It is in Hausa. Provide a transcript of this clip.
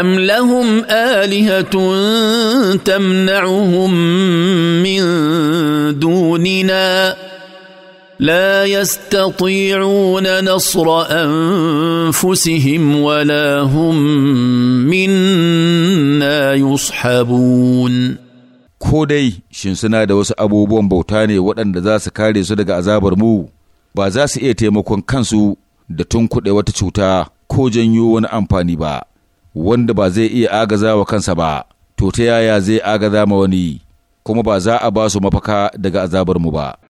أم لهم آلهة تمنعهم من دوننا لا يستطيعون نصر أنفسهم ولا هم منا يصحبون ko dai shin suna da wasu abubuwan bauta ne waɗanda za su kare su daga azabar mu ba za su iya taimakon kansu da tunkuɗe wata cuta ko janyo wani amfani ba wanda ba zai iya agaza wa kansa ba, to ta yaya zai agaza ma wani, kuma ba za a ba su mafaka daga azabarmu ba.